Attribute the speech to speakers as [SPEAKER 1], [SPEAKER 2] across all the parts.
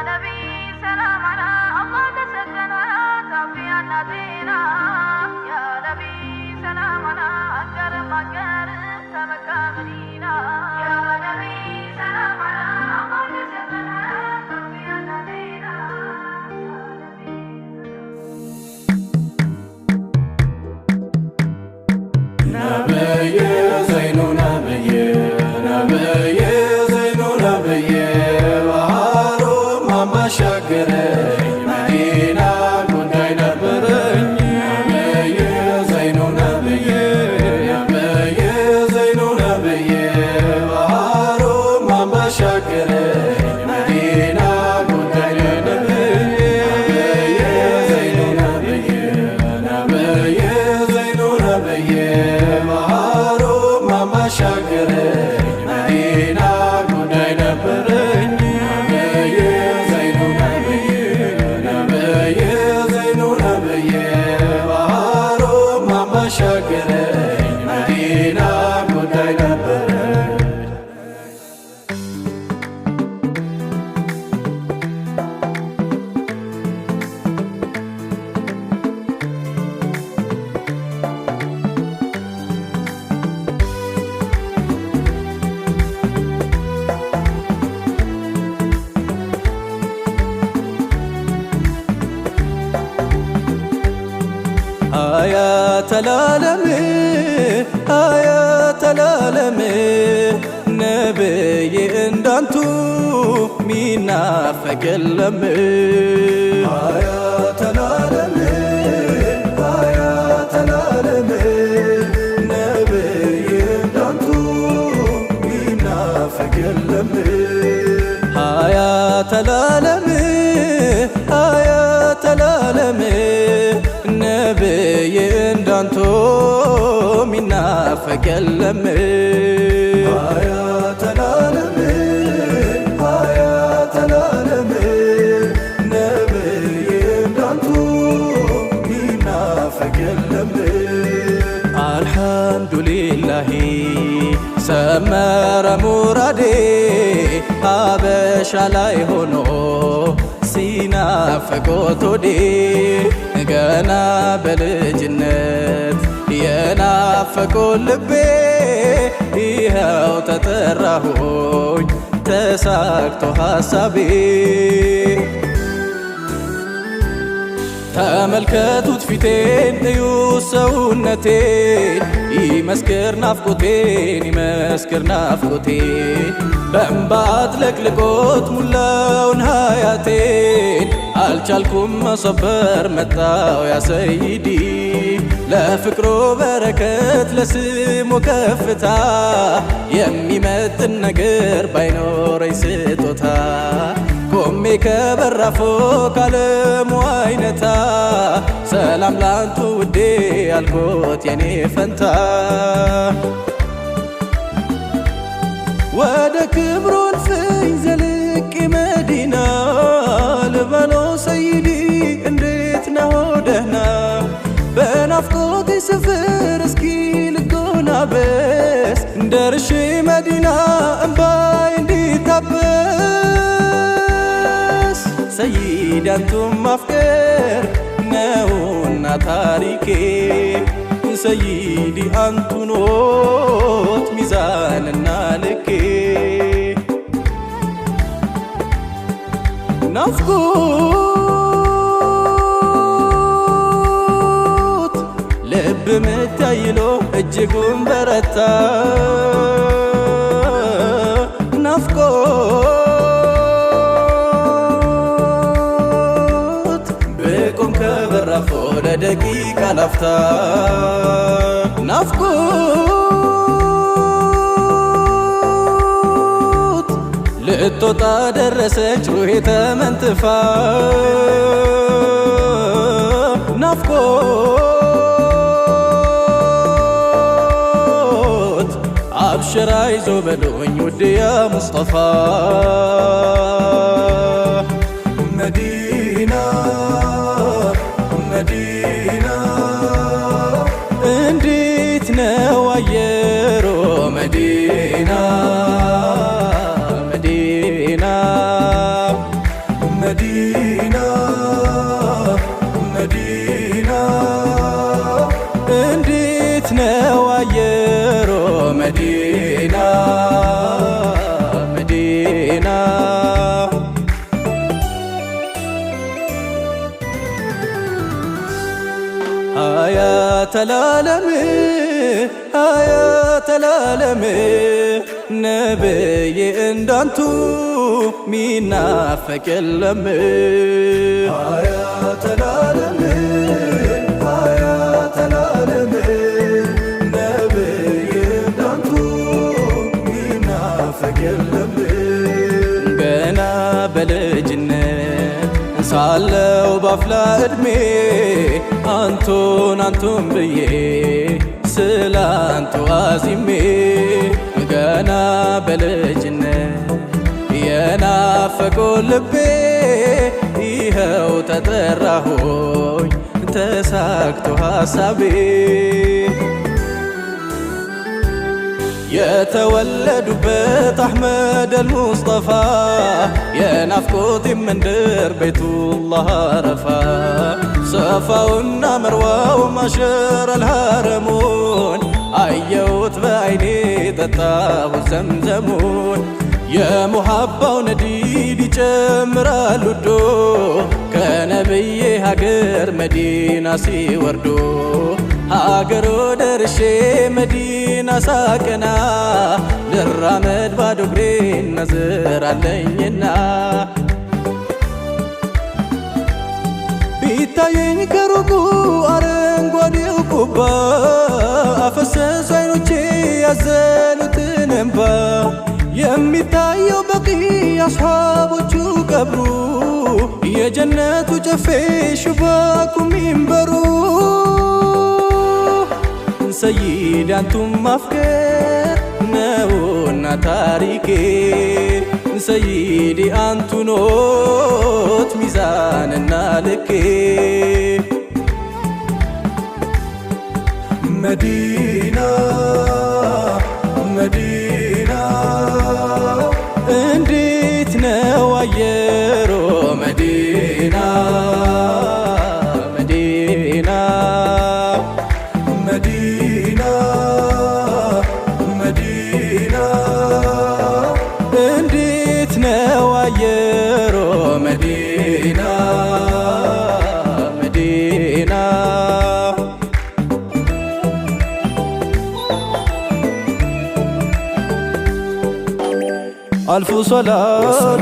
[SPEAKER 1] نبي سلام على الله تسلم ولا تعفي الذين
[SPEAKER 2] ተላለሜ አያ ተላለሜ ነብይ እንዳንቱ ሚናፈቅ የለም
[SPEAKER 3] አያ ተላለሜ አያ ተላለሜ ነብይ እንዳንቱ ሚናፈቅ የለም
[SPEAKER 2] ተላለሜ የለም አልሐምዱሊላሂ ሰመረ ሙራዴ ሀበሻ ላይ ሆኖ ሲናፍቆት ገና በልጅነት የናፈቆ ልቤ ይኸው ተጠራሁኝ ተሳክቶ ሐሳቤ ተመልከቱት ፊቴን እዩ ሰውነቴን ይመስክር ናፍቆቴን ይመስክር ናፍቆቴን በእምባት ለቅልቆት ሙላውን ሀያቴን አልቻልኩም መሰበር መጣው ያሰይዲ ለፍቅሮ በረከት ለስሙ ከፍታ የሚመጥን ነገር ባይኖረኝ ስጦታ ቆሜ ከበራፎ ካለሙ አይነታ ሰላም ላንቱ ውዴ አልኮት የኔ ፈንታ ወደ ክብሩን ፍኝ ዘልቄ መዲና ናፍቆቴ ስፍር እስኪ ልጎናበስ ደርሼ መዲና እምባይ እንዲታበስ ሰይድ አንቱን ማፍቀር ነውና ታሪኬ ሰይዲ አንቱ ኖት ሚዛንና ልኬ ናፍቆ ብምታይሎ እጅጉን በረታ ናፍቆት ብቁም ከበራፎ ለደቂቃ ላፍታ ናፍቆት ልትወጣ ደረሰች ውሄ ተመንትፋ ናፍቆት እንጀራ ይዞ በሉኝ ውድያ ሙስጠፋ
[SPEAKER 3] መዲና መዲና
[SPEAKER 2] እንዴት ነው አየሮ
[SPEAKER 3] መዲና
[SPEAKER 2] ነው አየሮ መዲና ተላለሜ አያ ተላለሜ ነብዬ እንዳንቱ ሚናፈቅ የለም ገና በልጅነት ሳለው ባፍላ ዕድሜ አንቱን አንቱን ብዬ ስለ አንቱ አዚሜ ገና በልጅነት የናፈቆ ልቤ ይኸው ተጠራሆኝ ተሳክቶ ሐሳቤ የተወለዱበት አሕመድ አልሙስጠፋ የናፍቆቴ መንደር ቤቱላህ አረፋ ሰፋውና መርዋው ማሸር አልሐረሙን አየሁት በአይኔ ጠጣሁት ዘምዘሙን የሙሃባው ነዲድ ይጨምራል ውዶ ከነብዬ ሀገር መዲና ሲወርዶ ሀገሮ ደርሼ መዲና ሳቀና ልራመድ ባዶ እግሬ እናዝራለኝና ሲታየኝ ከሩቁ አረንጓዴው ቁባ አፈሰሱ አይኖቼ ያዘኑትን እንባ የሚታየው በቂ አስሓቦቹ ቀብሩ የጀነቱ ጨፌ ሽባኩ ሚንበሩ ሰይድ አንቱም ማፍቀር ነውና ታሪኬ ሰይዲ አንቱኖት ሚዛንና ልኬ መዲና ألف صلاة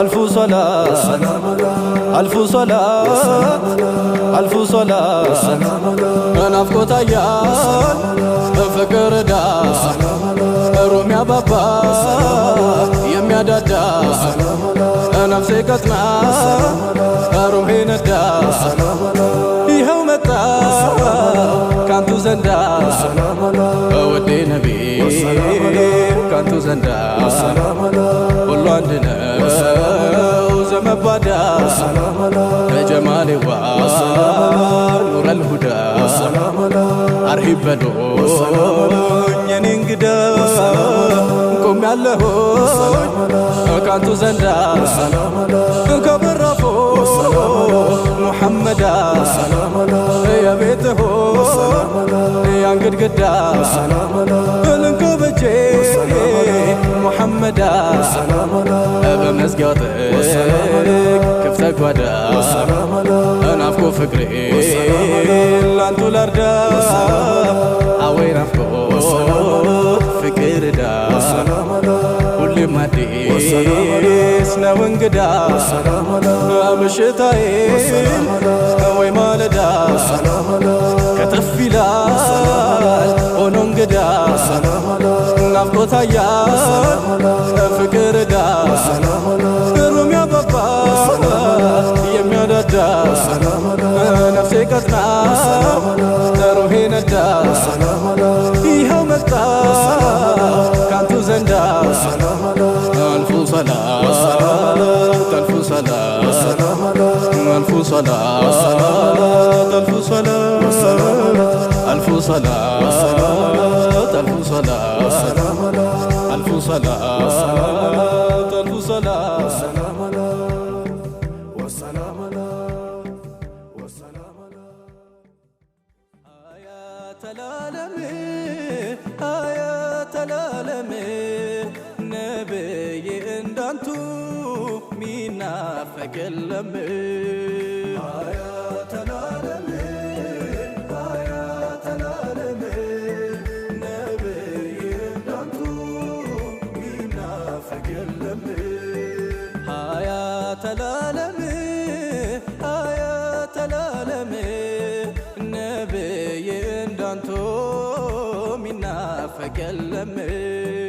[SPEAKER 2] ألف صلاة ألف صلاة ألف صلاة منافقت أيام فكر دا روم يا بابا يا دادا نفسي قطمة روحي ندا ይኸው መጣ كانتو ዘንዳ أودي ነቢ ካንቱ ዘንዳ ሁሉ አንድ ነው ዘመባዳ ከጀማሌዋ ኑረል ሁዳ አርሂብ በሎኝ የኔ እንግዳ ቆም ያለሆኝ ካንቱ ዘንዳ ከበራፎ ሙሐመዳ የቤትሆ ያን ግድግዳ በመዳ በመዝጋት ክፍተ ጓዳ ፍቅሬ ላንቱ ላርዳ አወይ ናፍቆ ፍቅር ዳ ሁሌም አዲስ ነው እንግዳ ወይ ማለዳ ሆኖ እንግዳ ናፍቆታያ شقتنا هنا الدار فيها مقطع كانتو زندا ألف صلاة ألف صلاة ألف صلاة ألف صلاة ألف صلاة ألف صلاة ألف صلاة ألف صلاة የለም ተላለሜ አያ ተላለሜ ነብይ እንዳንቶ ሚናፈቅ የለም